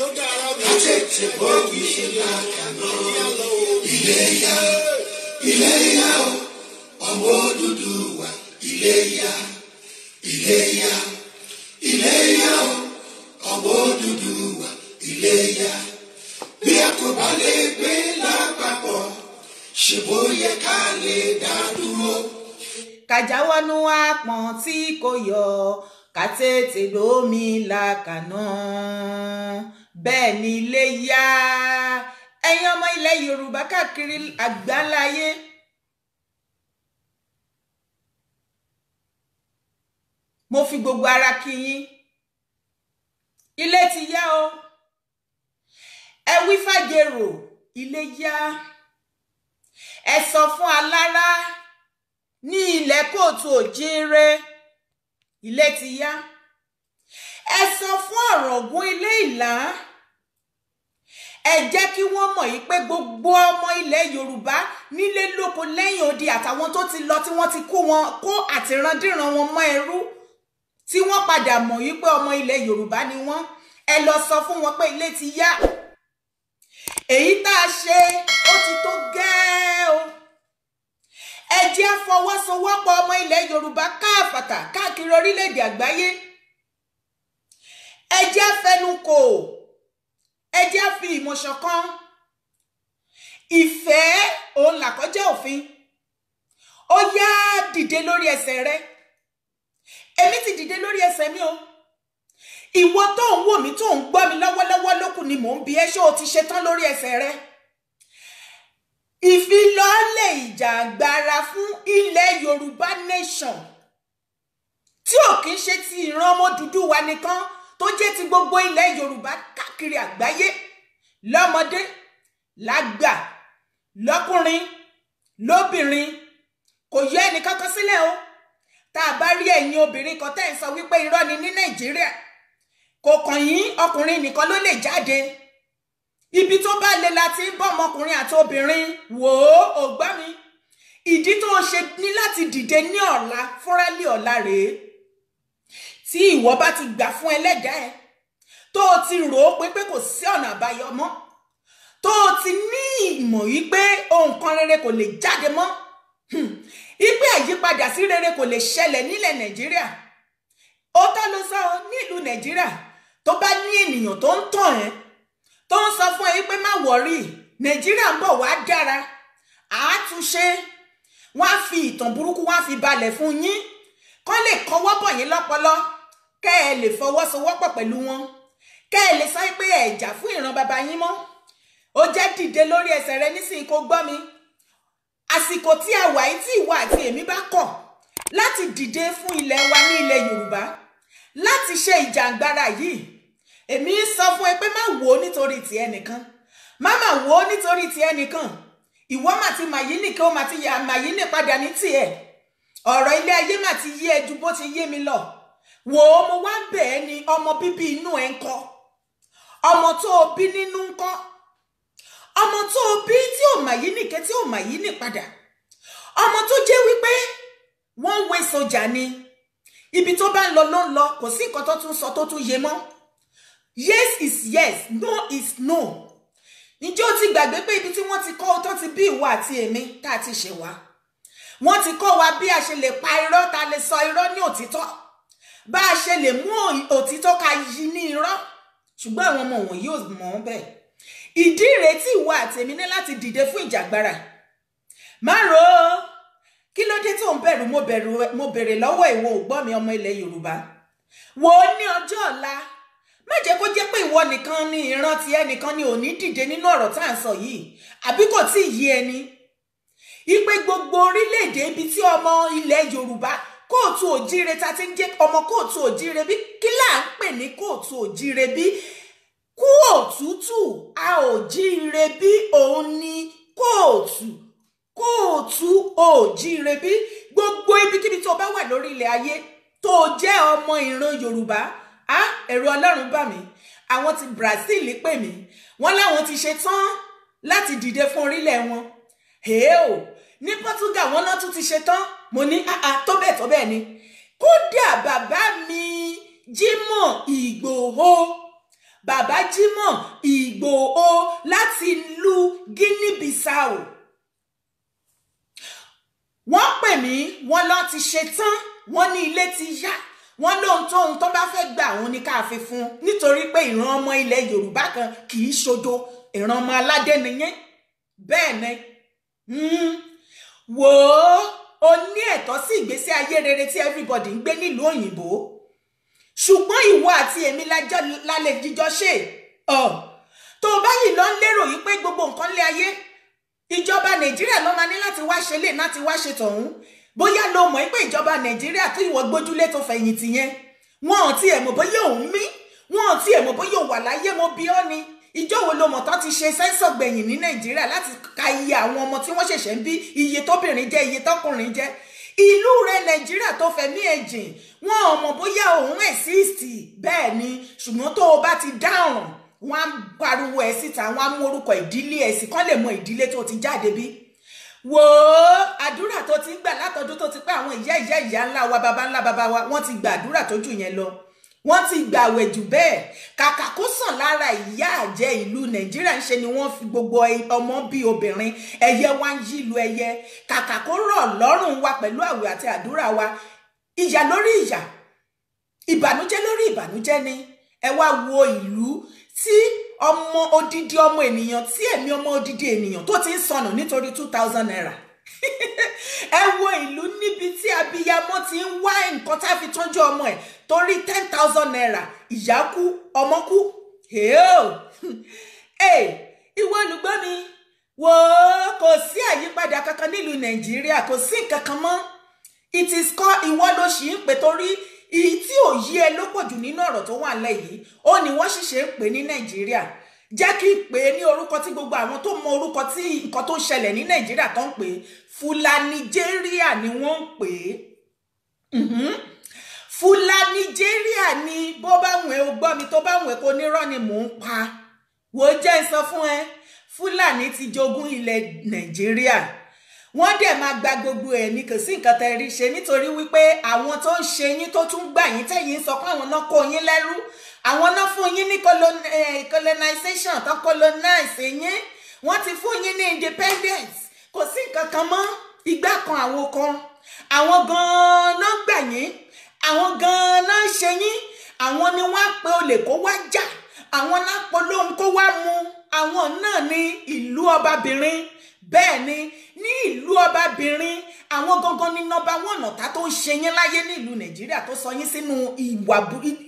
tètè bọ́ọ̀gì ṣe lákàná. Iléyá o, ọmọ dúdú wa Iléyá Iléyá o, ọmọ dúdú wa Iléyá. Bí a kò bá lè gbé lápapọ̀, ṣe bó yẹ ká lè dá Kàjáwọ́nú àpọ̀n tí kò yọ, ká lómi lákàná bẹ́ẹ̀ ni ilé yá ẹ̀yin ọmọ ilẹ̀ yorùbá káàkiri àgbáláyé. mo fi gbogbo ara kí ilé ti yá o ẹ wí fàjèrò ilé yá ẹ sọ fún alára ní ilẹ̀ kóòtù òjìire ilé ti yá ẹ sọ fún Ọ̀ràngún ilé Ìlá ẹ jẹ́ kí wọ́n mọ̀ yìí pé gbogbo ọmọ ilẹ̀ Yorùbá nílé lóko lẹ́yìn odi àtàwọn tó ti lọ tí wọ́n ti kó wọn kó àtìrandíran wọn mọ́ ẹrú tí wọ́n padà mọ̀ yìí pé ọmọ ilẹ̀ Yorùbá ni wọ́n ẹ lọ sọ fún wọn pé ilé ti yá èyí tá a ṣe ó ti tó gẹ́ẹ́ o ẹ jẹ́ fọwọ́sowọ́pọ̀ ọmọ ilẹ̀ Yorùbá káàfàtà káàkiri orílẹ̀-èdè àgbáyé ẹ jẹ́ fẹnukò ẹ jẹ́ fi ìmọ̀ ṣọ̀kan ìfẹ́ òun làkọ́jẹ́ òfin ó yá dìde lórí ẹsẹ̀ rẹ èmi ti dìde lórí ẹsẹ̀ mi o ìwọ tó ń wò mí tó ń gbọ́ mi lọ́wọ́lọ́wọ́ lókun ni mò ń bi ẹ́ ṣé o ti ṣetán lórí ẹsẹ̀ rẹ ìfilọ́lẹ̀ ìjàngbara fún ilẹ̀ Yorùbá nation tí ò kí ń ṣe ti ìran ọmọ dúdú wa nìkan tó jẹ́ ti gbogbo ilẹ̀ yorùbá káàkiri àgbáyé lọ́mọdé lágbà lọ́kùnrin lóbìnrin kò yọ ẹnì kankan sílẹ̀ o tá a bá rí ẹ̀yin obìnrin kan tẹ́ ẹ̀ sọ wípé irọ́ ni ní nàìjíríà kò kàn yín ọkùnrin nìkan ló lè jáde ibi tó bá le láti ń bọ́ ọmọkùnrin àti obìnrin wò ó ògbọ́n mi ìdí tó o ṣe ní láti dìde ní ọ̀la fúrálì ọ̀la rèé tí ìwọ bá ti gbà fún ẹlẹ́dàá ẹ tó o ti rò ó pé pé kò sí ọ̀nà àbáyọ mọ́ tó o ti ní ìmọ̀ yìí pé ohun kan rere kò lè jáde mọ́ hmm, ipe àyípadà sí rere kò lè ṣẹlẹ̀ nílẹ̀ nàìjíríà ó tọ́ ló sọ ọ nílùú nàìjíríà tó bá ní ènìyàn tó ń tàn ẹ́ tó ń sọ fún ẹ pé má wọ̀rí nàìjíríà ń bọ̀ wá dára àátúnṣe wọ́n á fi ìtàn burúkú wọ́n á fi balẹ̀ fún yín kọ́ lè kọ́wọ́ bọ̀ yín lọ́pọlọ kẹ́ ẹ lè fọwọ́sowọ́pọ̀ pẹ̀lú wọn kẹ́ ẹ lè sọ pé ẹ̀jà fún ìran bàbá yín mọ́ ó jẹ́ dìde lórí ẹsẹ̀ rẹ nísìnyí kó gbọ́ mi àsìkò tí a wà yìí tí ìwọ àti èmi bá kọ̀ láti dìde fún ilẹ̀ wa ní ilẹ̀ Yorùbá láti ṣe ìjàǹgbara yìí èmi ń sọ fún ẹ pé má wò ó nítorí ti ẹnìkan má má wò ó nítorí ti ẹnìkan ìwọ mà ti màyí nìkan ó mà ti yà màyí nìpadà ní tiẹ̀ ọ̀rọ̀ ilé ayé mà ti yé ẹ ju bó ti yé mi lọ wò ó mo wá bẹ̀ ẹ́ ni ọmọ bíbí inú ẹ̀ ń kọ́ ọmọ tó o bí nínú ń kọ́ ọmọ tó o bí tí ò mà yí nìkẹ́ tí ò mà yí nì padà ọmọ tó jẹ́ wípé wọ́n wé sọjà ni ibi tó bá ń lọ ló ń lọ kò sí nǹkan tó tún sọ tó tún yé mọ́ yes is yes no is no ǹjẹ́ o ti gbàgbé pé ibi tí wọ́n ti kọ́ tó ti bí ìwọ àti èmi tá a ti ṣe wá wọ́n ti kọ́ wa bí a ṣe lè pa irọ́ ta lè sọ irọ́ ní òtítọ́ bá a ṣe lè mú òtítọ́ ka yí ní irọ́ ṣùgbọ́n àwọn ọmọ wọ̀nyí ò mọ̀ ọ́n bẹ́ẹ̀ ìdí ìrètí ìwọ àtèmi ní láti dìde fún ìjàgbara má ro kí ló dé tó ń bẹ̀rù mo bèrè lọ́wọ́ ìwọ ògbọ́n mi ọmọ ilẹ̀ yorùbá wò ó ní ọjọ́ ọ̀la má jẹ́ kó jẹ́ pé ìwọ nìkan ni ìran ti ẹnìkan ni ò ní dìde nínú ọ̀rọ̀ tá à ń sọ yìí àbí kò tí ì yé ẹni ipe gbogbo orílẹ̀-èdè ibi tí ọmọ ilẹ̀ yorùbá kóòtù òjíire ta ti ń jẹ́ ọmọ kóòtù òjíire bí kí là ń pè ní kóòtù òjíire bí kú òtútù a ò jíire bí òun ni kóòtù kóòtù òjíire bí gbogbo ibikíbi tó bá wà lórí ilẹ̀ ayé tó jẹ́ ọmọ ìran yorùbá á ẹ̀rù ọlọ́run bà mí àwọn ti brazil pè mí wọ́n láwọn ti ṣe tán láti dìde fún orílẹ̀ wọn èèó ní portugal wọ́n lọ́ ti ṣe tán mo ní àá ah, ah, tó bẹ́ẹ̀ tó bẹ́ẹ̀ ni kódà bàbá mi Jimoh Ìgbòho bàbá Jimoh Ìgbòho láti ìlú Guinea Bissau wọ́n pè mí wọ́n lọ ti ṣe tán wọ́n ní ilé ti yá wọ́n lóhun tóhun tó bá fẹ́ gbà òun ni ká fún nítorí pé ìran ọmọ ilẹ̀ Yorùbá kan kì í ṣodo ìran ọmọ aládé nìyẹn bẹ́ẹ̀ ni hmm. wò ó o ní ẹ̀tọ́ sí ìgbésí ayé rere tí everybody ń gbé nílùú òyìnbó ṣùgbọ́n ìwọ àti èmi lálẹ́ jíjọ ṣe tó o báyìí lọ ń lérò yìí pé gbogbo nǹkan lé ayé ìjọba nàìjíríà ló máa ní láti wá ṣe lè láti wá ṣe tọ̀hún bóyá ló mọ̀ pé ìjọba nàìjíríà tó ìwọ gbójúlé tó fẹ̀yìntì yẹn wọn ò tiẹ̀ mọ̀ bóyá òun mí wọn ò tiẹ̀ mọ̀ bóyá òun wà láyé mo bí ọ́ ni ìjọ wo lo mọ̀ tó ti ṣe sẹ́ńsọ̀ gbẹ̀yìn ní nàìjíríà láti ka iye àwọn ọmọ tí wọ́n ṣẹ̀ṣẹ̀ ń bí iye tóbìnrin jẹ́ iye tọkùnrin jẹ́ ìlú rẹ nàìjíríà tó fẹ̀mí ẹ̀jìn wọn ò mọ̀ bóyá òun exist bẹ́ẹ̀ ni ṣùgbọ́n tó o bá ti dáhùn wọn á pariwo ẹ̀ síta wọn á mú orúkọ ìdílé ẹ̀ sí kán lè mọ ìdílé tó ti jáde bí wò ó àdúrà tó ti ń gbà látọdún tó ti pẹ́ àwọn ìyá ìyá ìyá ńlá wa baba ńlá baba wa wọ́n ti gbà àdúrà tó yẹn lọ wọ́n ti gbàwẹ̀ jù bẹ́ẹ̀ kàkà kó sàn lára ìyá àjẹ ìlú nàìjíríà ń ṣe ni wọ́n fi gbogbo ọmọ bíi obìnrin ẹyẹ wá ń yí lu ẹyẹ kàkà kó rọ̀ lọ́rùn wa pẹ̀lú àwẹ̀ àti àdúrà wa ìyà lórí ìyà ìbànújẹ́ lórí ìbànújẹ́ ni ẹ wá wo ìlú tí ọmọ odidi ọmọ ènìyàn tí ẹ̀mí ọmọ odidi ènìyàn tó ti ń sọnù nítorí two thousand naira ẹ wo ìlú níbi tí abiyamọ ti ń wá nǹkan tá a fi tọ́jú ọmọ ẹ̀ torí ten thousand naira ìyá kú ọmọ kú ìwọ olùgbọ́ mi wò ó kò sí àyípadà kankan nílùú nàìjíríà kò sí nǹkan kan mọ́ it is called ìwọ ló ṣì ń pè torí ìyí tí ò yí ẹ ló pọ̀ jù nínú ọ̀rọ̀ tó wà ńlẹ̀ yìí ó ní wọ́n ṣìṣe ń pè ní nàìjíríà jẹ́ kí n pè é ní orúkọ tí gbogbo àwọn tó mọ orúkọ tí nǹkan tó ṣẹlẹ̀ ní nàìjíríà tó ń pè é fúlàní ni wọ́n ń pè é fúlàní nàìjíríà ni bó bá wùn ẹ́ o gbọ́ mi tó bá wùn ẹ́ kó nírọ́ ni mò ń pa wò ó jẹ́ ń sọ fún ẹ fúlàní ti jogún ilẹ̀ nàìjíríà wọ́n dẹ̀ máa gba gbogbo ẹ̀ ní kò sí nǹkan tẹ́ rí ṣe nítorí wípé àwọn tó ń ṣe yín tó tún gbà yín tẹ̀yìn sọ pé àwọn náà kó yín lẹ́rú àwọn náà fún yín ní colonization tó colonize yín wọ́n ti fún yín ní independence kò sí nǹkan kan mọ́ igbá kan àwọn kan àwọn gan-an náà gbà yín àwọn gan-an náà ṣe yín àwọn ni wọ́n á pe olè kó wá jà àwọn lápò lóhun kó wá mu àwọn náà ní ìlú ọbabìnrin bẹ́ẹ̀ ni ní ìlú ọbabìnrin àwọn gangan ní nọ́mbà wọn ọ̀tá tó ń ṣe yín láyé ní ìlú nàìjíríà tó sọ yín sínú ìwà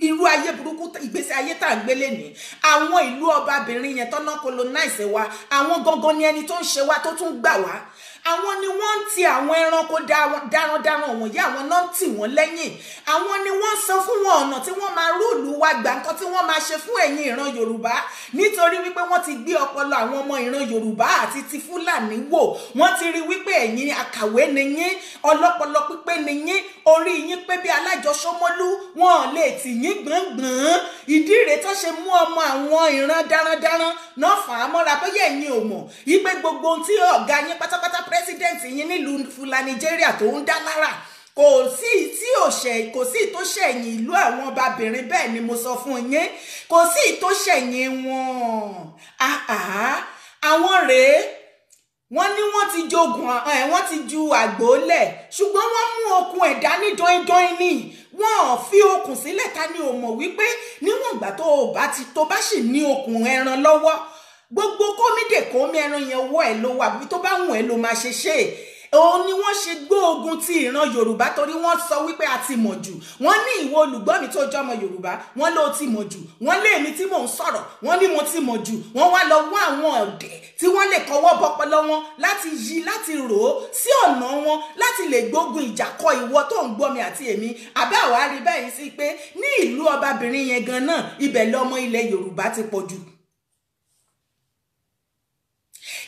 irú ayé burúkú ìgbésí ayé tá à ń gbélé ní àwọn ìlú ọbabìnrin yẹn tọ́nà colonize wa àwọn gangan ni ẹni tó ń ṣe wa tó tún gbà wá àwọn ni wọ́n ń ti àwọn ẹranko darandaran wọ̀nyí àwọn náà ń tì wọ́n lẹ́yìn àwọn ni wọ́n sọ fún wọn ọ̀nà tí wọ́n máa rúùlù wa gbà nǹkan tí wọ́n máa ṣe fún ẹ̀yin ìran yorùbá nítorí wípé wọ́n ti gbé ọpọlọ àwọn ọmọ ìran yorùbá àti ti fúlàní wò wọ́n ti rí wípé ẹ̀yin akàwé ni yín ọlọ́pọlọ pípé ni yín orí yín pé bí alájọsọmọlú wọn ò lè tì yín gbọ̀ngbọ̀n ìdí rèé tó ṣe mú ọmọ àwọn ìran darandaran náà fà á mọ́ra pé yẹ̀yin ò mọ̀ yí pé gbogbo ohun tí ọ̀gá yín pátápátá president yín nílùú Fulani Nigeria tó ń dá lára kò sí tí ò ṣe kò sí tó ṣẹ̀yìn ìlú àwọn ọbabìnrin bẹ́ẹ̀ ni mo sọ fún yín kò sí tó ṣẹ̀yìn wọn àwọn rèé wọ́n ní wọ́n ti jogun ẹ̀ eh, wọ́n ti ju àgbò lẹ̀ ṣùgbọ́n wọ́n mú okun ẹ̀ dání dọ́indọ́in ni wọ́n ò fi okùn sílẹ̀ ta ni ò mọ̀ wípé níwọ̀n ìgbà tó o bá ti tó bá sì ní okùn ẹran lọ́wọ́ gbogbo kómìdè kómi ẹran yẹn wọ ẹ ló wà bí tó bá wùn ẹ ló máa ṣe ṣe òun ni wọ́n ṣe gbóògùn ti ìran yorùbá torí wọ́n sọ wípé a ti mọ̀ jù wọ́n ní ìwọ olùgbọ́ mi tó jọmọ yorùbá wọ́n ló ti mọ̀ jù wọ́n lé èmi tí mò ń sọ̀rọ̀ wọ́n ní mo ti mọ̀ jù wọ́n wá lọ wá àwọn ọ̀dẹ̀ tí wọ́n lè kọwọ́ bọpọlọ wọn láti yí láti rò ó sí ọ̀nà wọn láti lè gbógun ìjà kọ ìwọ tó ń gbọ́ mi àti èmi àbẹ́ àwa rí báyìí sí pé ní ìlú ọbabìnrin yẹn gan náà ibẹ̀ lọmọ ilẹ̀ yorùbá ti pọ̀ jù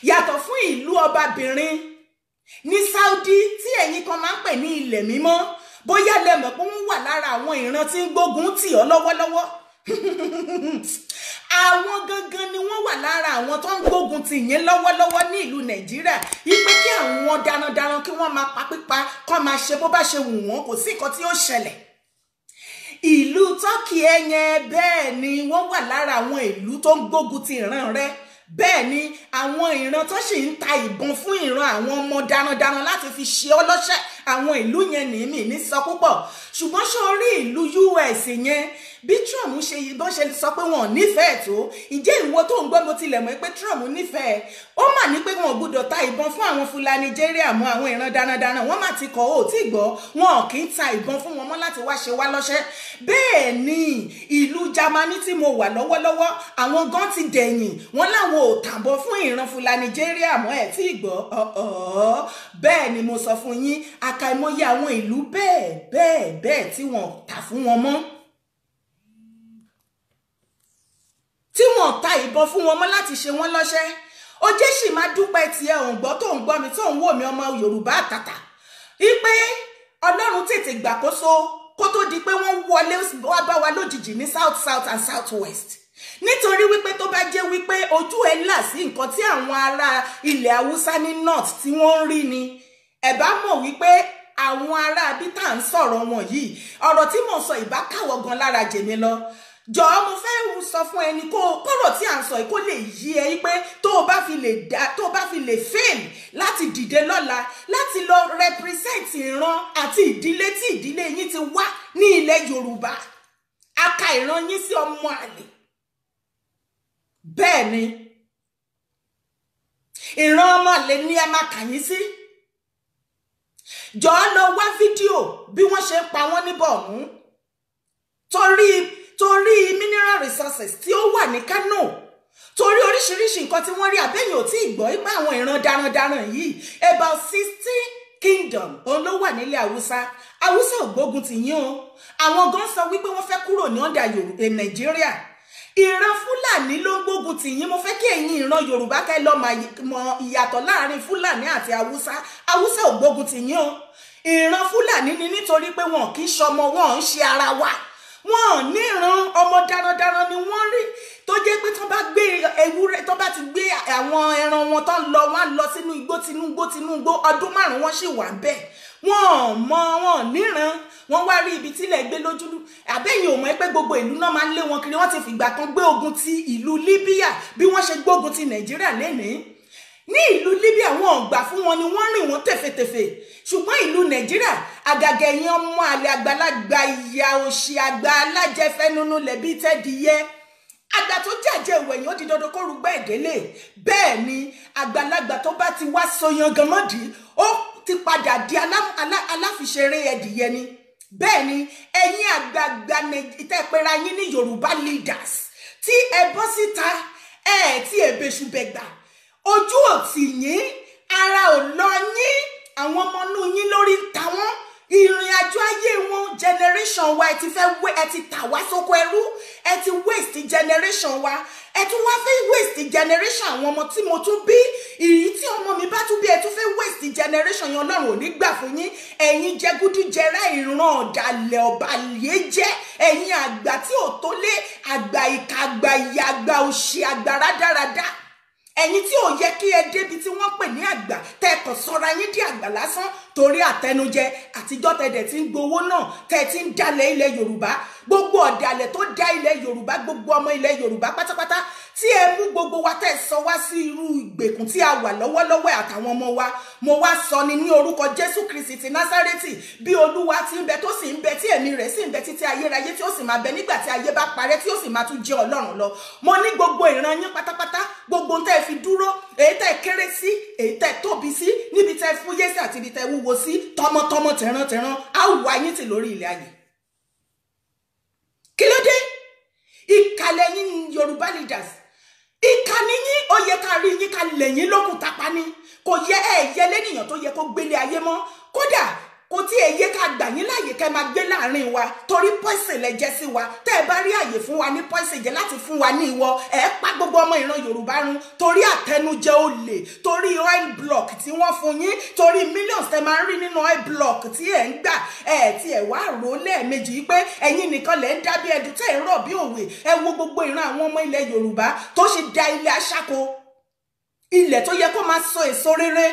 yàtọ̀ fún ìlú ọbabìnrin ní Saudi tí ẹ̀yin kan máa ń pè ní ilẹ̀ mímọ́ bóyá lẹ́mọ̀ pé wọ́n wà lára àwọn ìran tí ń gbógun tì ọ́ lọ́wọ́lọ́wọ́ àwọn gangan ni wọ́n wà lára àwọn tó ń gbógun tì yín lọ́wọ́lọ́wọ́ ní ìlú Nàìjíríà ipe kí àwọn darandaran kí wọ́n máa pa pípa kọ́ máa ṣe bó bá ṣe wù wọ́n kò sí nǹkan tí ó ṣẹlẹ̀ ìlú tọ́kì ẹ̀yẹn bẹ́ẹ̀ ni wọ́n wà lára àwọn ìlú tó ń gbógun ti ìran rẹ̀ bẹ́ẹ̀ ni àwọn ìran tó sì ń ta ìbọn fún ìran àwọn ọmọ darandaran láti fi ṣe ọlọ́ṣẹ́ àwọn ìlú yẹn ní mi ní sọ púpọ̀ ṣùgbọ́n ṣé orí ìlú US yẹn bí Trump ṣe bọ́n ṣe sọ pé wọn ò nífẹ̀ẹ́ tó ìjẹ́ ìwọ tó ń gbọ́ mo tilẹ̀ mọ̀ pé Trump nífẹ̀ẹ́ ó mà ní pé wọn ò gbúdọ̀ ta ìbọn fún àwọn Fúlàní Nàìjíríà mọ́ àwọn ìran darandaran wọ́n mà ti kọ̀ ó tí gbọ́ wọn ò kì í ta ìbọn fún wọn mọ́ láti wá ṣe wá lọ́ṣẹ́ bẹ́ẹ̀ ni ìlú Jámánì tí mo wà lọ́wọ́lọ́wọ́ àwọn gan ti dẹ̀yìn wọn láwọn ò tàbọ̀ fún ìran Fúlàní Nàìjíríà mo sọ fún yín àkàìmọye àwọn ìlú bẹ́ẹ̀ bẹ́ẹ̀ bẹ́ẹ̀ tí wọ́n tà fún wọn mọ́ tí wọ́n ta ìbọn fún wọn mọ́ láti ṣe wọ́n lọ́ṣẹ́ ó jẹ́ sì máa dúpẹ́ tiẹ̀ òun gbọ́ tó ń gbọ́ mi tó ń wò mí ọmọ Yorùbá àtàtà wípé Ọlọ́run tètè gbàkóso kó tó di pé wọ́n wọlé wá bá wa lójijì ní south south and south west nítorí wípé tó bá jẹ́ wípé ojú ẹ̀ là sí nǹkan tí àwọn ará ilẹ̀ Haúsá ní north tí wọ́n ń rí ni ẹ bá mọ̀ wípé àwọn ará bí tá à ń sọ̀rọ̀ wọn yìí ọ̀rọ̀ tí mò ń sọ ìbá káwọ̀ gan lára jèmi lọ jọ̀ọ́ mo fẹ́ sọ fún ẹni kó kọ̀rọ̀ tí à ń sọ yìí kó lè yí ẹ pé tó o bá fi lè dá tó o bá fi lè fail láti dìde lọ́la láti lọ represent ìran àti ìdílé tí ìdílé yín ti wá ní ilẹ̀ Yorùbá a ka ìran yín sí ọmọ àlè bẹ́ẹ̀ ni ìran ọmọ àlè ni ẹ máa kà yín sí. Si jọ̀ọ́ lọ wá fídíò bí wọ́n ṣe ń pa wọ́n ní bọ̀ọ̀mù torí torí mineral resources tí ó wà ní Kano torí oríṣiríṣi nǹkan tí wọ́n rí àbẹ́yìn ò tí ì gbọ́ ipa àwọn ìran darandaran yìí about sixteen kingdom òun ló wà nílẹ̀ haúsá haúsá ò gbógun tì yín o àwọn gan sọ wípé wọ́n fẹ́ kúrò ní ọ̀dà nàìjíríà ìran fúlàní ló ń gbógun tì mo fẹ́ kí ẹ̀yin ìran yorùbá kẹ́ lọ mọ ìyàtọ̀ láàrin fúlàní àti haúsá haúsá ò gbógun tì yín o ìran fúlàní ni nítorí pé wọn kì í ṣọmọ wọn ń ṣe ara wa wọn ò ní ìran ọmọ darandaran ni wọ́n rí tó jẹ́ pé tán bá gbé ewúrẹ́ tán bá ti gbé àwọn ẹran wọn tán lọ wọn lọ sínú igbó tinú igbó tinú igbó ọdún márùn-ún wọn sì wà bẹ́ẹ̀ wọn ò mọ wọn níran wọn wá rí ibi tílẹ̀ gbé lójúlú àbẹ́yìn ò mọ̀ ẹ́ pé gbogbo ìlú náà máa ń lé wọn kiri wọ́n ti fìgbà kan gbé ogun ti ìlú Libya bí wọ́n ṣe gbógun ti Nàìjíríà lénìí ní ìlú Libya wọn ò gbà fún wọn ni wọ́n rìn wọ́n tẹ̀fẹ̀tẹ̀fẹ̀ ṣùgbọ́n ìlú Nàìjíríà àgàgà ẹ̀yìn ọmọ àlẹ́ àgbàlagbà ìyá òṣì àgbà alájẹfẹ́nunulẹ̀ bíi tẹ́díyẹ́ àgbà tó jàjẹ ìwẹ̀yìn ó di dandan kó rúgbẹ́ ìdélé bẹ́ẹ̀ ni àgbàlagbà tó bá ti wá soyan ganmọ́dì ó ti padà di aláfiṣeré ẹ̀dìyẹ bẹ́ẹ̀ ni ẹ̀yin àgbààgbà ìtẹ́pẹ́ra yín ní Yorùbá leaders tí ẹ bọ́ síta ẹ tí ẹ bẹ̀ṣù ojú ò yín ara ò lọ yín àwọn ọmọ inú yín lórí ta wọ́n ìrìn àjò ayé wọn generation wa ẹ ti fẹ́ wé ẹ ti tà wá sóko ẹrú ẹ ti waste generation wa ẹ tún wá fẹ́ waste generation àwọn ọmọ tí mo tún bí èyí tí ọmọ mi bá tún bí ẹ tún fẹ́ waste generation yẹn ọlọ́run ò ní gbà fún yín ẹ̀yin jẹgúdújẹrá ìran ọ̀dàlẹ̀ ọ̀bàlẹ́jẹ́ ẹ̀yin àgbà tí ò tó lé àgbà ìka àgbà ìyá àgbà òṣì àgbà rádaràda ẹ̀yin tí ò yẹ kí ẹ débi tí wọ́n pè ní àgbà tẹ́ sọra yín di àgbà lásán torí àtẹnujẹ àtijọ́ tẹ̀dẹ̀ tí ń gbowó náà tẹ̀ tí ń dalẹ̀ ilẹ̀ Yorùbá gbogbo ọ̀dàlẹ̀ tó dá ilẹ̀ yorùbá gbogbo ọmọ ilẹ̀ yorùbá pátápátá tí ẹ mú gbogbo wa tẹ̀ sọ wá sí irú ìgbèkùn tí a wà lọ́wọ́lọ́wọ́ àtàwọn ọmọ wa mo wá sọ ni ní orúkọ jésù kristi ti násárẹ́tì bí olúwa ti ń bẹ tó sì ń bẹ tí ẹ̀mí rẹ̀ sì ń bẹ títí ayérayé tí ó sì máa bẹ nígbà tí ayé bá parẹ́ tí ó sì máa tún jẹ ọlọ́run lọ mo ní gbogbo ìran yín pátápátá gbogbo tẹ́ ẹ fi dúró èyí tẹ́ ẹ kéré sí èyí tẹ́ ẹ tóbi sí níbi tẹ́ ẹ fúyẹ́ sí àti ibi tẹ́ ẹ wúwo sí tọmọtọmọ tẹ̀rántẹ̀rán á wà yín tì lórí ilẹ̀ ayé kí ló dé ìkàlẹ̀ yín yorùbá leaders ìkànnì yín ó yẹ ká rí yín ká lẹ̀yìn lókùn tapa ni kò yẹ ẹ̀ yẹ lẹ́nìyàn tó yẹ kó gbélé ayé mọ́ kódà kò tí ẹ yé ká gbà yín láàyè kẹ́ máa gbé láàrin wa torí pọ́ìsì lẹ jẹ́ sí wa tẹ́ ẹ bá rí àyè fún wa ní pọ́ìsì jẹ́ láti fún wa ní ìwọ ẹ pa gbogbo ọmọ ìran Yorùbá run torí àtẹnujẹ olè torí oil block tí wọ́n fún yín torí millions tẹ máa ń rí nínú oil block tí ẹ ń gbà ẹ tí ẹ wá rò lẹ́ẹ̀mejì pé ẹ̀yin nìkan lẹ ń dábí ẹdùn tẹ́ ẹ rọ̀ bí òwe ẹ wo gbogbo ìran àwọn ọmọ ilẹ̀ Yorùbá tó ṣe da ilẹ̀ aṣáko ilẹ̀ tó yẹ kó máa sọ èso rere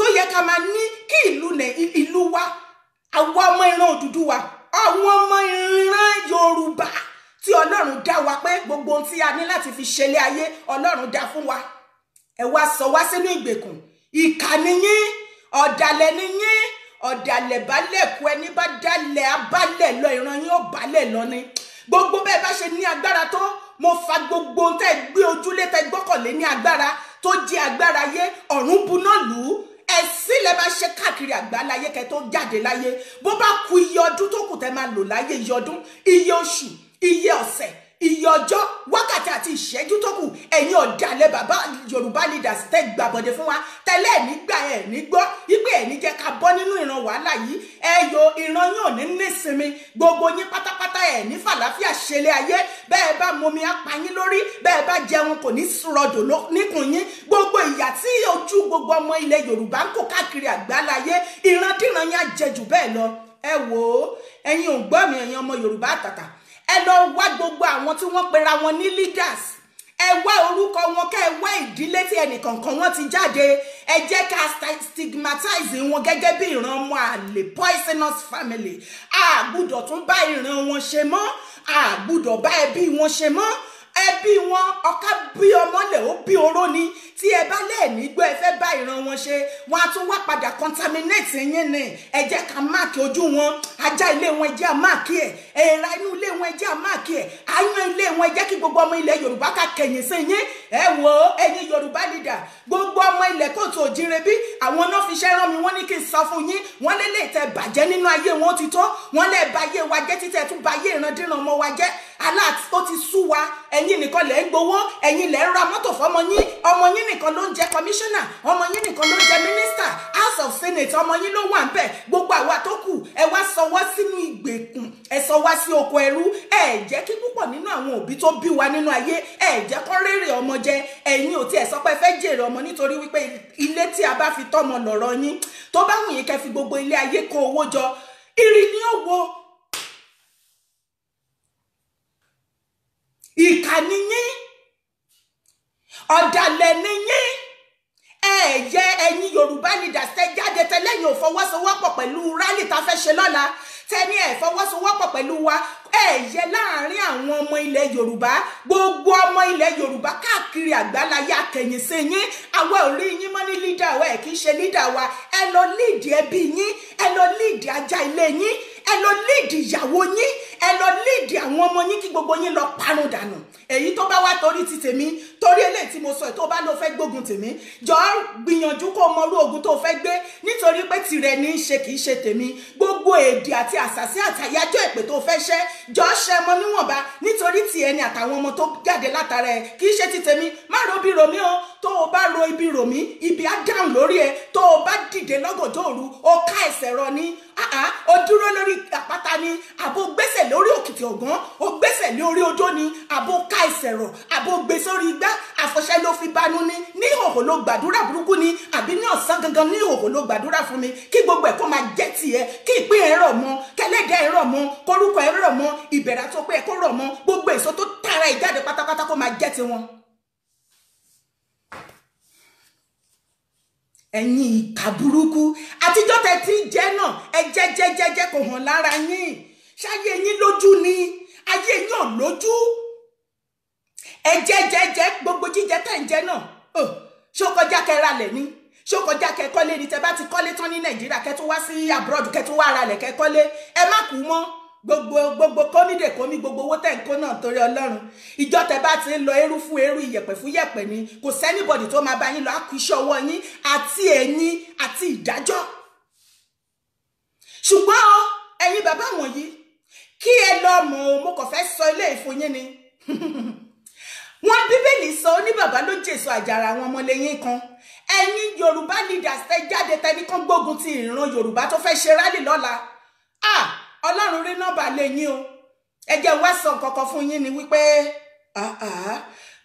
tó yẹ ká máa ní kí ìlú ìlú wa àwọn ọmọ ìran Odùduwà àwọn ọmọ ìran Yorùbá tí Ọlọ́run dá wa pé gbogbo ohun tí a ní láti fi ṣẹlé ayé Ọlọ́run dá fún wa ẹ wá sọ wá sínú ìgbèkùn ìkà ni yín ọ̀dàlẹ̀ ni yín ọ̀dàlẹ̀ balẹ̀ kú ẹni bá dalẹ̀ abalẹ̀ lọ ìran yín ó balẹ̀ lọ ni gbogbo bẹ́ẹ̀ bá ṣe ní agbára tó mo fa gbogbo ohun tẹ́ gbé ojúlé tẹ́ gbọ́kànlé ní agbára tó jẹ́ agbára ayé ọ̀run buná lù ú ẹ̀sìn lẹ máa ṣe káàkiri àgbáláyé kẹ tó jáde láyé bó bá ku iye ọdún tó kù tẹ máa lò láyé iye ọdún iye oṣù iye ọ̀sẹ̀ iye ọjọ́ wákàtí àti ìṣẹ́jú tó kù ẹ̀yin ọ̀dàlẹ̀ bàbá yorùbá leaders tẹ́ gbàbọ̀dẹ̀ fún wa tẹ́lẹ̀ nígbà ẹ̀ nígbọ́ wípé ẹ̀ ní jẹ́ ká bọ́ nínú ìran wàhálà yìí ẹ yo ìran yóò ní nísinmi gbogbo yín pátápátá ẹ̀ ní fàlàáfíà ṣẹlẹ̀ ayé bẹ́ẹ̀ bá momi apá yín lórí bẹ́ẹ̀ bá jẹun kò ní rọdò níkùn yín gbogbo ìyà tí ojú gbogbo ọmọ ilẹ̀ yorùbá ń kó káàkiri àgbáláyé ìrandíran yín á jẹ jù bẹ́ẹ̀ lọ ẹ wò ó ẹ̀yin ò gbọ́ mi ẹ̀yin ọmọ yorùbá àtàtà ẹ lọ wá gbogbo àwọn tí wọ́n pera wọn ní leaders ẹ wá orúkọ wọn kẹ́ ẹ wá ìdílé tí ẹnìkọ̀ọ̀kan wọn ti jáde ẹ jẹ́ ká stigmatize wọn gẹ́gẹ́ bí ìran ọmọ àlè poisonous family a gbúdọ̀ tún bá ìran wọn ṣe mọ́ a gbúdọ̀ bá ẹbí wọn ṣe mọ́ ẹbí wọn ọ̀ká bí ọmọ lẹ̀ ó bí oró ni tí ẹ bá lẹ́ẹ̀mí gbọ́ ẹ fẹ́ bá ìran wọn ṣe wọn a tún wá padà contaminate yín ni ẹ jẹ́ ká máàkì ojú wọn ajá ilé wọn ẹ jẹ́ à máàkì ẹ̀ èèrà inú ilé wọn ẹ jẹ́ à máàkì ẹ̀ àyàn ilé wọn ẹ jẹ́ kí gbogbo ọmọ ilẹ̀ Yorùbá ká kẹ̀yìn sí yín ẹ wò ó ẹ̀yin Yorùbá leader gbogbo ọmọ ilẹ̀ kò tó jíire bí àwọn náà fi ṣẹ́ rán mi wọ́n ní kí n sọ fún yín wọ́n lé lè tẹ bàjẹ́ nínú ayé wọn ó ti tó wọ́n lè ba ayé wa jẹ́ títẹ̀ tún ba ayé ìrandíran ọmọ wa jẹ́ alert tó ti sú wa ẹ̀yin nìkan lẹ́ ń gbowó ẹ̀yin lẹ́ ń ra mọ́tò fọmọ yín ọmọ yín nìkan ló ń jẹ kọmíṣánná ọmọ yín nìkan ló ń jẹ mínísítà house of senate ọmọ yín ló wà ń bẹ̀ gbogbo àwa tó kù ẹ wá sọ wá sínú ìgbèkùn ẹ sọ wá sí oko ẹrú ẹ jẹ́ kí púpọ̀ nínú àwọn òbí tó bí wa nínú ayé ẹ jẹ́ kó rèrè ọmọ jẹ ẹ̀yin ò tiẹ̀ sọ pé fẹ́ jèrè ọmọ nítorí wípé ilé tí a bá fi tọ́mọ lọ́rọ̀ yín tó bá wù yín kẹ́ gbogbo ilé ayé kó owó jọ ìrì ni ó wo ìkà ni yín ọ̀dàlẹ̀ ni yín ẹ̀yẹ ẹ̀yin yorùbá ni tẹ jáde tẹlẹ́yìn ò fọwọ́sowọ́pọ̀ pẹ̀lú rally tá a fẹ́ ṣe lọ́la tẹ́ni ẹ̀ fọwọ́sowọ́pọ̀ pẹ̀lú wa ẹ̀yẹ láàrin àwọn ọmọ ilẹ̀ yorùbá gbogbo ọmọ ilẹ̀ yorùbá káàkiri àgbáláyé akẹ̀yìn sí yín àwa ò rí yín mọ́ ní lídà wa ẹ̀ kì í ṣe lídà wa ẹ lọ líìdì ẹbí yín ẹ lọ líìdì ajá ilé yín ẹ lọ líìdì ìyàwó yín ẹ lọ léèdì àwọn ọmọ yín kí gbogbo yín lọ parun dànù èyí tó bá wá torí ti tèmi torí eléyìí tí mo sọ ẹ tó bá lọ fẹ́ gbógun tèmi jọ gbìyànjú kó mọrú ogun tó fẹ́ gbé nítorí pé tirẹ̀ ní í ṣe kì í ṣe tèmi gbogbo èdè àti àṣàṣì àtàyájọ́ èpè tó fẹ́ ṣẹ́ jọ ṣẹ mọ níwọ̀nba nítorí ti ẹni àtàwọn ọmọ tó jáde látara ẹ kì í ṣe ti tèmi má ro bí romi o tó o bá ro ibi romi ibi á dáhùn lórí ẹ tó o bá dìde lọ́gọ̀dọ̀ òru o ká ẹsẹ̀ rọ ní ó dúró lórí àpáta ni àbò gbé gbẹ́sẹ̀ lórí òkìtì ọ̀gán ó gbẹ́sẹ̀ lórí odó ni àbò ká ẹsẹ̀ rọ̀ àbò gbé sórí igbá àfọ̀ṣẹ́ ló fi banú ni ní ìhòhò ló gbàdúrà burúkú ni àbí ní ọ̀sán gangan ní ìhòhò ló gbàdúrà fún mi kí gbogbo ẹ̀ kó máa jẹ́ tiẹ̀ kí ìpín ẹ̀ rọ̀ mọ́ kẹlẹ́dẹ̀ ẹ̀ rọ̀ mọ́ korúkọ ẹ̀ rọ̀ mọ́ ìbẹ̀rẹ̀ tó pé ẹ̀ kó rọ̀ mọ́ gbogbo èso tó tara ẹ̀ pátápátá kó máa jẹ́ tiwọn. ẹ̀yin ìkà burúkú àtijọ́ tẹ ti jẹ́ náà ẹ jẹ́ jẹ́jẹ́jẹ́ kò hàn lára yín ṣáyé yín lójú ni ayé yín ò lójú ẹjẹ jẹjẹ gbogbo jíjẹ tẹ̀ ń jẹ náà ṣó kọjá kẹra lẹ̀ ni ṣó kọjá kẹkọ́lé ni tẹ bá ti kọ́lé tán ní nàìjíríà kẹtún wá sí abroad kẹtún wá ara lẹ̀ kẹkọ́lé ẹ má kú mọ́ gbogbo gbogbo kómìdè kómi gbogbo owó tẹ̀ ń kó náà torí ọlọ́run ìjọ tẹ bá ti ń lọ eru fún eru ìyẹ̀pẹ̀ fún yẹ̀pẹ̀ ni kò sẹ́nìbọ̀dì tó máa bá yín lọ àkú iṣẹ́ ọwọ́ yín àti ẹ̀yin àti ìdájọ́ ṣùgbọ́n ẹ̀yin bàbá wọ̀nyí kí ẹ lọ mọ̀ ọ́ mo kàn fẹ́ sọ ilé ìfòyín ni wọn bíbélì sọ ó ní bàbá ló jèso àjàrà àwọn ọmọlẹ́yìn kan ẹ̀yin yorùbá leaders tẹ jáde tẹni kan gbógun ti ìran yorùbá tó fẹ́ ṣe rálì lọ́la ah ọlọ́run rí nọ́mbà lẹ́yìn o ẹ jẹ́ wá sọ nǹkan kan fún yín ni wípé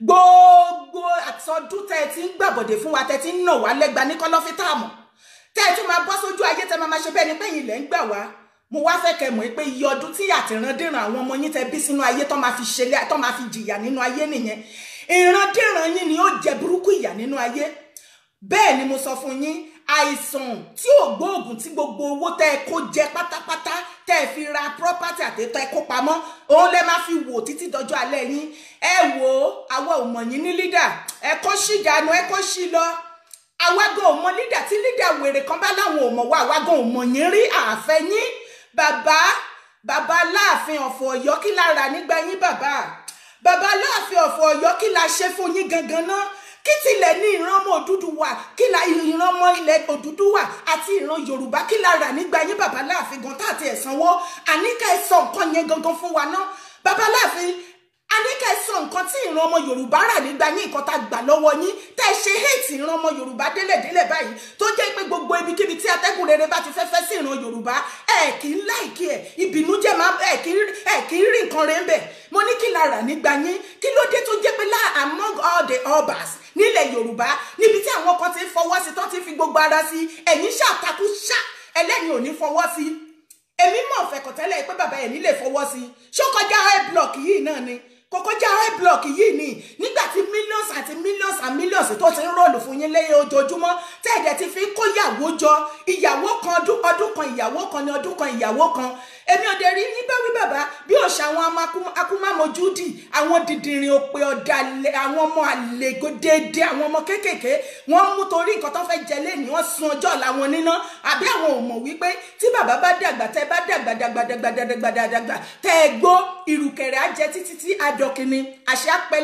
gbogbo àtọdún tẹ ti ń gbàbọ̀dẹ̀ fún wa tẹ ti ń nà wá lẹ́gba ní kọ́lọ́fín táàmù tẹ tún máa bọ́ sójú ayé tẹ máa máa ṣe bẹ́ẹ̀ ni pẹ́yìn lẹ́ ń gbà wá mo wá fẹ́ kẹ́ mọ̀ pé iye ọdún tí àtìrandíran àwọn ọmọ yín tẹ bí sínú ayé tó máa fi ṣẹlẹ̀ tó máa fi jìyà nínú ayé nìyẹn ìrandíran yín ni ó jẹ burúkú ìyà nínú ayé bẹ́ẹ̀ ni mo sọ fún yín àìsàn tí ò gbóògùn tí gbogbo owó tẹ́ ẹ kó jẹ pátápátá tẹ́ ẹ fi ra property àtẹ́tọ́ ẹ kó pamọ́ òun lẹ máa fi wò títí dọjọ́ alẹ́ yín ẹ wò ó àwa ò mọ̀ yín ní lídà ẹ kó ṣì dànù ẹ kó ṣì lọ àwa gan ò mọ lídà tí lídà wèrè kan bá láwọn ò mọ̀ wá àwa gan ò mọ̀ yín rí àfẹ́ yín Baba, bàbá láàfin ọ̀fọ̀ ọ̀yọ́ kí la rà nígbà yín Baba bàbá láàfin ọ̀fọ̀ ọ̀yọ́ kí la ṣe fún yín gangan náà kí tilẹ̀ ní ìran ọmọ Odùduwà kí la ìran ọmọ ilẹ̀ Odùduwà àti ìran Yorùbá kí la rà nígbà yín bàbá láàfin gan tá àti ẹ̀sánwó àníkà ẹ̀sán nǹkan yẹn gangan fún wa náà bàbá láàfin a ní kẹ́ ẹ sọ nǹkan tí ìran ọmọ yorùbá rà nígbà yín nǹkan tá a gbà lọ́wọ́ yín tẹ́ ẹ ṣe hate ìran ọmọ yorùbá délẹ̀délẹ̀ báyìí tó jẹ́ pé gbogbo ibikíbi tí atẹ́gùn rere bá ti fẹ́ fẹ́ sí ìran yorùbá ẹ kì í láìkí ẹ ìbínújẹ́ máa ẹ kì í rí nǹkan rẹ̀ ń bẹ̀ mo ní kí la rà nígbà yín kí ló dé tó jẹ́ pé lá among all the obas nílẹ̀ yorùbá níbi tí àwọn kan ti ń fọwọ́ sí tó ti fi gbogbo ara sí ẹ̀yin ṣàtakú ṣá ẹlẹ́yin ò ní fọwọ́ sí èmi mọ̀ fẹ̀kọ̀tẹ́lẹ̀ pé bàbá ẹ̀ nílẹ̀ fọwọ́ sí ṣó kọjá high block yìí náà ni kò kọjá high block yìí ni nígbà tí millions àti millions and millions tó ti ń rọ̀lù fún yín lẹ́yìn ojoojúmọ́ tẹ́ ẹ̀dẹ̀ ti fi ń kó ìyàwó jọ ìyàwó kan ọdún kan ìyàwó kan ní ọdún kan ìyàwó kan èmi ò dé rí nígbà wí bàbá bí òṣà àwọn akumámojúdì àwọn dìndìnrín òpè ọ̀dàlẹ̀ àwọn ọmọ àlègo déédé àwọn ọmọ kéékèèké wọ́n mú torí nǹkan tó fẹ́ jẹ lẹ́nu wọ́n sun ọjọ́ ọ̀la wọn níná àbí àwọn ò mọ̀ wípé tí bàbá bá dàgbà tẹ́ bá dàgbà dàgbà dàgbà dàgbà dàgbà tẹ́ ẹ gbó ìrùkẹ̀rẹ̀ á jẹ títí tí adọ̀kìnrin àṣẹ apẹ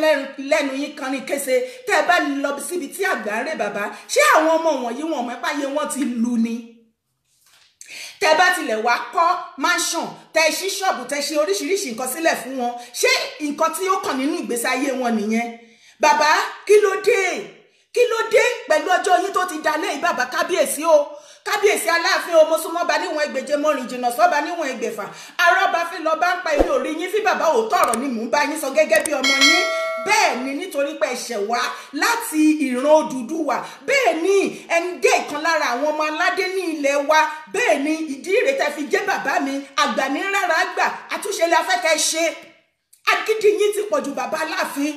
lẹ́nu yín kan ní kése tẹ́ ẹ bá lọ síbi tí àgbà ń rè bàbá ṣé àwọn ọmọ wọ̀nyí wọn mọ̀ ẹ́pàyé wọn ti lu ni tẹ bá tilẹ̀ wá kọ́ mansion tẹ ṣí ṣọ́ọ̀bù tẹ ṣe oríṣiríṣi nǹkan sílẹ̀ fún wọn ṣé nǹkan tí ó kàn nínú ìgbésí ayé wọn nìyẹn bàbá kí ló dé kí ló dé pẹ̀lú ọjọ́ yìí tó ti dalé yìí bàbá kábíyèsí o kábíyèsí aláàfin o mọ́súnmọ́ba níwọ̀n ẹgbẹ̀je mọ́rin jìnnà sọ́ba níwọ̀n ẹgbẹ̀fà arọ́ba lọ́ba ń pa ilé òrí yín fí bàbá òótọ́ ọ̀rọ̀ ni mò ń bá yín sọ gẹ́gẹ́ bí ọmọ yín bẹ́ẹ̀ ni nítorí pé ẹ̀ṣẹ̀ wá láti ìran Odùduwà bẹ́ẹ̀ ni ẹni jẹ́ ìkan lára àwọn ọmọ aládé ní ilẹ̀ wa bẹ́ẹ̀ ni ìdí ìrètẹ́ fi jẹ́ bàbá mi àgbà ní rárá àgbà àtúnṣe la fẹ́ kẹ́ ṣe agídí yín ti pọ̀jù bàbá aláàfin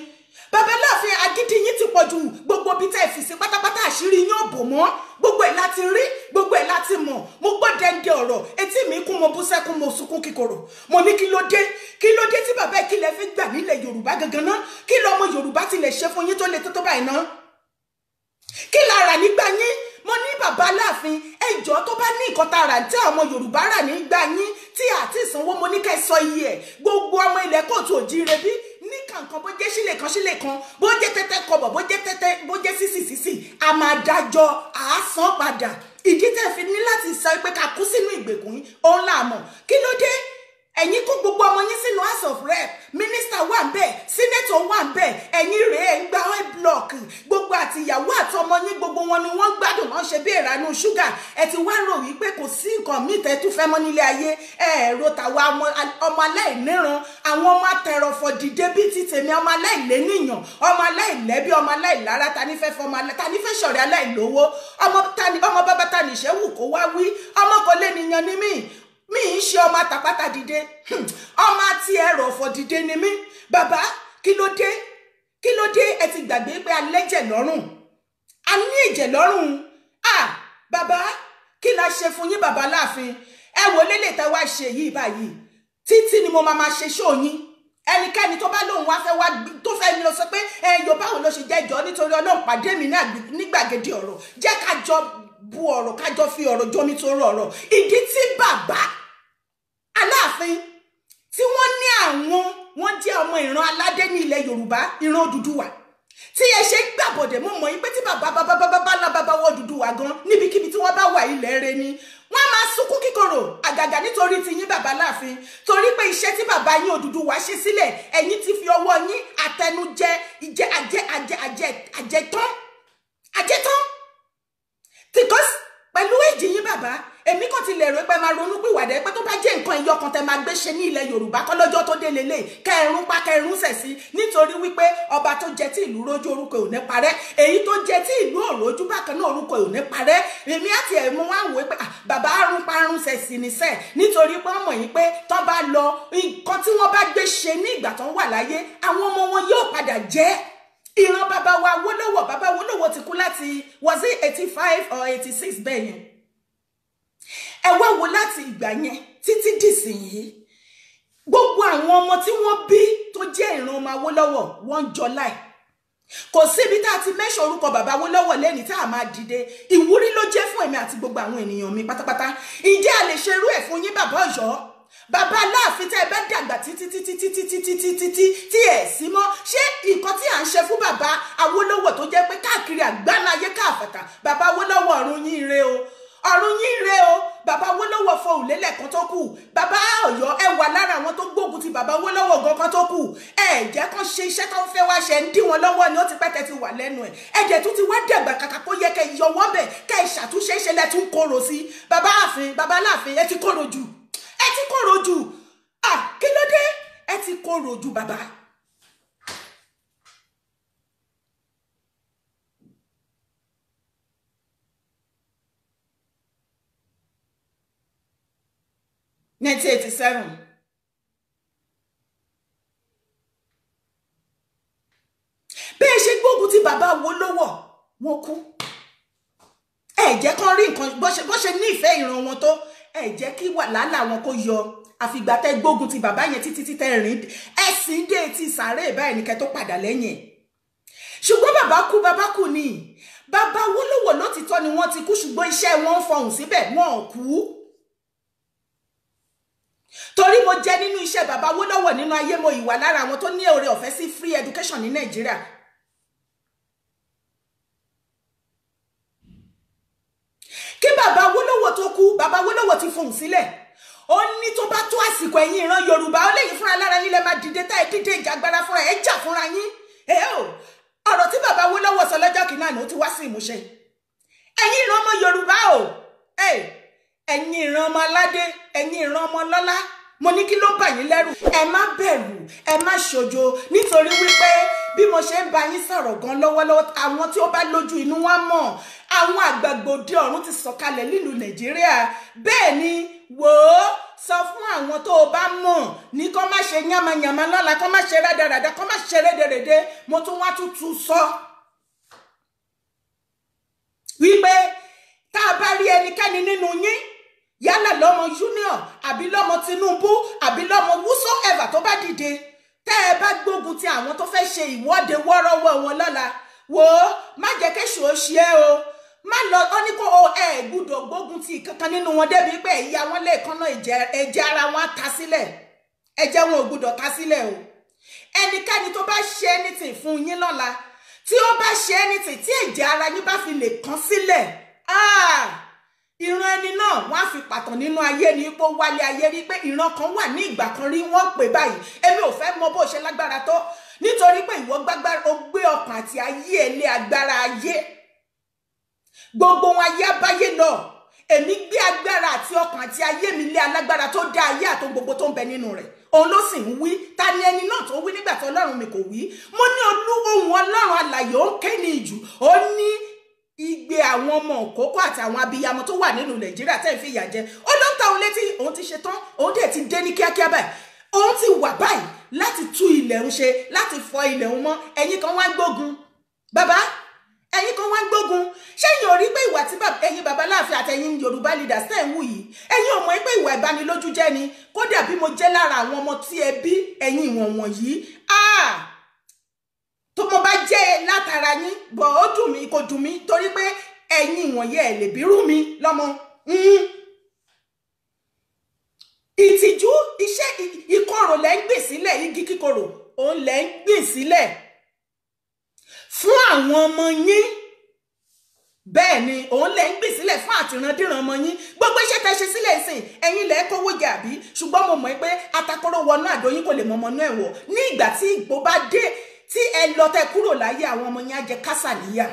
bàbá aláàfin agídí yín ti pọ̀jù gbogbo ibi tẹ́ ẹ fi sí pátápátá àṣírí yín ò bò mọ́ gbogbo ẹ̀ láti rí gbogbo ẹ̀ láti mọ̀ mo gbọ́ dẹ́ndẹ́ ọ̀rọ̀ etí mi kún mo bú sẹ́kún mo sunkún kíkorò mo ní kí ló dé kí ló dé tí bàbá ìkìlẹ̀ fi gbà nílẹ̀ yorùbá gangan ná kí lọ́mọ yorùbá tilẹ̀ ṣe fún yín tó le tó tó báyìí ná kí la rà nígbà yín mo ní bàbá aláàfin ẹjọ́ tó bá ní nǹkan tara tí àwọn yorùbá rà nígbà yín tí àti ìsanwó mo ní ká iye ẹ gbogbo ọmọ ilẹ̀ kóòtù òjíire bíi ní kàǹkan bó jẹ́ sílẹ̀ kan sílẹ̀ kan bó jẹ́ tẹ́tẹ́ kọbọ̀ bó jẹ́ tẹ́tẹ́ bó jẹ́ sísì sísì a máa dájọ́ àásán padà ìdí tẹ̀ fi ní láti sọ pé ká kú sínú ìgbèkùn òun làmọ̀ kí ló dé ẹ̀yin kó gbogbo ọmọ yín sínú house of rep minister wà ń senator wà ń bẹ̀ ẹ̀yin rèé ń gba oil block gbogbo àtìyàwó àtọmọ yín gbogbo wọn ni wọ́n gbádùn wọ́n ṣe bí ìranú ṣúgà ẹ ti wá rò wípé kò sí nǹkan míì tẹ́ tún fẹ́ mọ́ nílé ayé ẹ̀ẹ̀rọ tàwa ọmọ aláìníran àwọn ọmọ atẹrọfọ dìde bíi ti tèmi ọmọ aláìléníyàn ọmọ aláìlẹ́bí ọmọ aláìlára tani fẹ́ fọmọ tani fẹ́ ṣọ̀rẹ́ aláìlówó ọmọ bàbá tani ìṣẹ́wù kó wá wí ọmọ mi ń ṣe ọmọ àtàpátá dìde hmm. ọmọ àti ẹrọ ọ̀fọ̀ dìde ni mí bàbá kí ló dé kí ló dé ẹ ti gbàgbé pé alẹ́jẹ̀ lọ́rùn a ní ẹ̀jẹ̀ lọ́rùn à bàbá kí la ṣe fún yín bàbá láàfin ẹ wò lélẹ̀ tá a ṣe yìí báyìí títí ni mo máa ma ṣe ṣó yín ẹnikẹ́ni tó bá lóun wá fẹ́ wá tó fẹ́ lọ sọ pé ẹ yọ báwo ló ṣe jẹ́ ìjọ nítorí ọlọ́run pàdé mi ní gbàgede ọ̀rọ̀ jẹ́ ká jọ bu ọ̀rọ̀ kájọ fi ọ̀rọ̀ jọmi tó rọ̀rọ̀ ìdí tí bàbá aláàfin tí wọ́n ní àwọn wọ́n jẹ́ ọmọ ìran aládé ní ilẹ̀ yorùbá ìran Odùduwà tí ẹ ṣe gbàbọ̀dẹ̀ mọ̀ mọ̀ yín pé tí bàbá bàbá bàbá bàbá bàbá wọ Odùduwà gan níbikíbi tí wọ́n bá wà ilẹ̀ rẹ ni wọ́n máa sunkún kíkorò àgàgà nítorí ti yín bàbá láàfin torí pé iṣẹ́ tí bàbá yín Odùduwà ṣe sílẹ̀ ẹ̀yin ti fi ọwọ́ yín àtẹnujẹ ìjẹ àjẹ àjẹ àjẹ àjẹtán àjẹtán because pẹ̀lú èjì yín bàbá èmi kàn ti lè rò pé máa ronú pìwàdà pé tó bá jẹ́ nǹkan ẹyọ kan tẹ máa gbé ṣe ní ilẹ̀ yorùbá kọ́ lọ́jọ́ tó dé lélẹ̀ kẹrùn pa kẹrùn sẹ̀ sí nítorí wípé ọba tó jẹ tí ìlú rojú orúkọ ò ní parẹ́ èyí tó jẹ tí ìlú òrojú bákan náà orúkọ ò ní parẹ́ èmi àti ẹ̀mú wá wò pé ah, bàbá arún parun sẹ̀ sí ni sẹ̀ nítorí pé ọmọ yìí pé tán bá lọ nǹkan tí wọ́n bá gbé ṣe ní ìgbà tán wà láyé àwọn ọmọ wọn yóò padà jẹ́ ìran bàbá wa Awólọ́wọ̀ bàbá Awólọ́wọ̀ ti kú láti was it eighty five or eighty six bẹ́ẹ̀ yẹn ẹ wá wo láti ìgbà yẹn títí dìsìnyí gbogbo àwọn ọmọ tí wọ́n bí tó jẹ́ ìran ọmọ Awólọ́wọ̀ wọ́n ń jọ láì kò síbi tá a ti mẹ́ṣọ̀ orúkọ bàbá Awólọ́wọ̀ lẹ́ni tá a máa dìde ìwúrí ló jẹ́ fún èmi àti gbogbo àwọn ènìyàn mi pátápátá ǹjẹ́ a lè ṣerú ẹ̀ fún yín bàbá ọ̀yọ́ bàbá aláàfin tẹ́ ẹ bá dàgbà títí títí títí títí títí tí ẹ̀ sí mọ́ ṣé nǹkan tí à ń ṣe fún bàbá Awólọ́wọ̀ tó jẹ́ pé káàkiri àgbáláyé káàfàtà bàbá Awólọ́wọ̀ ọ̀run yín re o ọ̀run yín re o bàbá Awólọ́wọ̀ fọhùn lélẹ̀ kan tó kù bàbá Ọ̀yọ́ ẹ wà lára àwọn tó gbógun ti bàbá Awólọ́wọ̀ gan kan tó kù ẹ jẹ́ kán ṣe iṣẹ́ tó ń fẹ́ wá ṣe ń dí wọn lọ́wọ́ ni ó ti pẹ́tẹ́ ti wà lẹ́nu ẹ̀ ẹ̀jẹ̀ tún ti wá dẹ̀gbà kàkà kó yẹ kẹ́ yọwọ́ bẹ̀ kẹ́ ṣàtúnṣe ṣe lẹ́tún kóró sí bàbá ààfin bàbá aláàfin ẹ ti kóró jù ẹ ti kọ̀rọ̀ jù ah kí ẹ ti kọ̀rọ̀ jù bàbá. nineteen eighty seven bẹ́ẹ̀ ṣe gbógun ti bàbá wo lówọ̀ wọ́n kú ẹ jẹ́ kán rí nǹkan bó ṣe nífẹ̀ẹ́ ìran wọn tó ẹ jẹ́ kí làálàá wọn kó yọ àfìgbà tẹ gbógun ti bàbá yẹn títí títẹ rìn ẹ sì ń dé etí sàárè báyìí nìkẹ́ tó padà lẹ́yìn ṣùgbọ́n bàbá kú bàbá kú ni bàbá wólówó lótìtọ́ ni wọ́n ti kú ṣùgbọ́n iṣẹ́ wọn ń fọhùn síbẹ̀ wọn ò kú torí mo jẹ́ nínú iṣẹ́ bàbá wólówó nínú ayé mo ìwà lára àwọn tó ní oore ọ̀fẹ́ sí free education ní nàìjíríà fohùn sílẹ̀ ó ní tó bá tó àsìkò ẹ̀yin ìran yorùbá ó léyìn fúnra lára yín lẹ máa dìde tá ẹ dìde ìjàgbara fúnra ẹ jà fúnra yín ẹ o ọ̀rọ̀ tí bàbá wo lọ́wọ́ sọ lọ́jọ́ kìnnà ni ó ti wá sí ìmúṣẹ ẹ̀yin ìran ọmọ yorùbá o ẹ̀yin ìran ọmọ aládé ẹ̀yin ìran ọmọ lọ́lá mo ní kí ló bà yín lẹ́rù ẹ má bẹ̀rù ẹ má ṣojo nítorí wípé bí mo ṣe ń bá yín sọ̀rọ̀ gan lọ́wọ́lọ́wọ́ àwọn tí ó bá lójú inú wọn mọ̀ àwọn àgbàgbòde ọ̀run ti sọ̀kalẹ̀ nílùú nàìjíríà bẹ́ẹ̀ ni wò ó sọ fún àwọn tó o bá mọ̀ ní kó má ṣe yánmayànmá lọ́la kó má ṣe rádaràda kó má ṣe rédèrèdè mo tún wá tún sọ wípé tá a bá rí ẹnikẹ́ni nínú yín yálà lọ́mọ junior àbí lọ́mọ tinubu àbí lọ́mọ wúsọ ẹ̀fà tó bá dìde tẹ́ ẹ bá gbógun ti àwọn tó fẹ́ ṣe ìwọ́de wọ́rọ́wọ́ wọn lọ́la wò ó má jẹ́ kéṣù ó ṣe é o má lọ ó ní kó o ẹ gbúdọ̀ gbógun ti ìkankan nínú wọn débi pé ìyá wọn lè kánná ẹ̀jẹ̀ ara wọn á ta sílẹ̀ ẹ̀jẹ̀ wọn ò gbúdọ̀ ta sílẹ̀ o ẹnikẹ́ni tó bá ṣe anything fún yín lọ́la tí ó bá ṣe anything tí ẹ̀jẹ̀ ara yín bá fi lè kán sílẹ̀ ah ìran ẹni náà wọ́n á fi pàtàn nínú ayé ni ipò wálé ayé rí pé ìran kan wà ní ìgbà kan rí wọ́n pè báyìí èmi ò fẹ́ mọ bó ṣe lágbára tó nítorí pé ìwọ gbágbára o gbé ọkàn àti ayé ẹ lé agbára ayé gbogbo wọn ayé abáyé náà èmi gbé agbára àti ọkàn àti ayé mi lé alágbára tó dá ayé àti gbogbo tó ń bẹ nínú rẹ̀ òun ló sì ń wí ta ni ẹni náà tó wí nígbà tí Ọlọ́run mi kò wí mo ní olú ohun Ọlọ́run alàyè ó ń ké ní ìjù ó ní igbe àwọn ọmọ òkókó àtàwọn abiyamọ tó wà nínú nàìjíríà tẹ́ ẹ̀ fi ìyà jẹ ó ló ń ta òun létí òun ti ṣe tán òun dẹ̀ ti dé ní kíákíá báyìí òun ti wà báyìí láti tú ilẹ̀ ń ṣe láti fọ ilẹ̀ ń mọ́ ẹ̀yin kan wá ń gbógun bàbá ẹ̀yin kan wá ń gbógun ṣẹ́yìn ò rí pé ìwà tí ẹ̀yin babaláàfin àtẹ̀yin yorùbá leaders tẹ̀ ń wù yìí ẹ̀yin ò mọ̀ pé ìwà ìbanilójú jẹ́ ni kódà bí mo jẹ́ lára àwọn ọmọ tí ẹ bí ẹ̀yin ìwọ̀n wọ̀nyí ah tó mo bá jẹ́ látara yín bọ̀ ó dùn mí kò dùn mí torí pé ẹ̀yin ìwọ̀nyí ẹ̀ lè bírú mi lọ́mọ. Hmm. ìtìjú iṣẹ́ ìkorò lẹ́ ń gbìn sílẹ̀ igi kíkorò òun lẹ́ ń gbìn sílẹ̀ fún àwọn ọmọ yín bẹ́ẹ̀ ni òun lẹ́ ń gbìn sílẹ̀ fún àtìrandíran ọmọ yín gbogbo iṣẹ́ tẹ́ ṣe sílẹ̀ ìsìn ẹ̀yin lẹ́ kówó jẹ àbí ṣùgbọ́n mo mọ̀ pé atakóró wọnú àdó kò lè mọ ọmọ náà wọ̀ ní ìgbà tí ìgbó bá dé tí ẹ lọ tẹ kúrò láyé àwọn ọmọ yẹn á jẹ kásà níyà.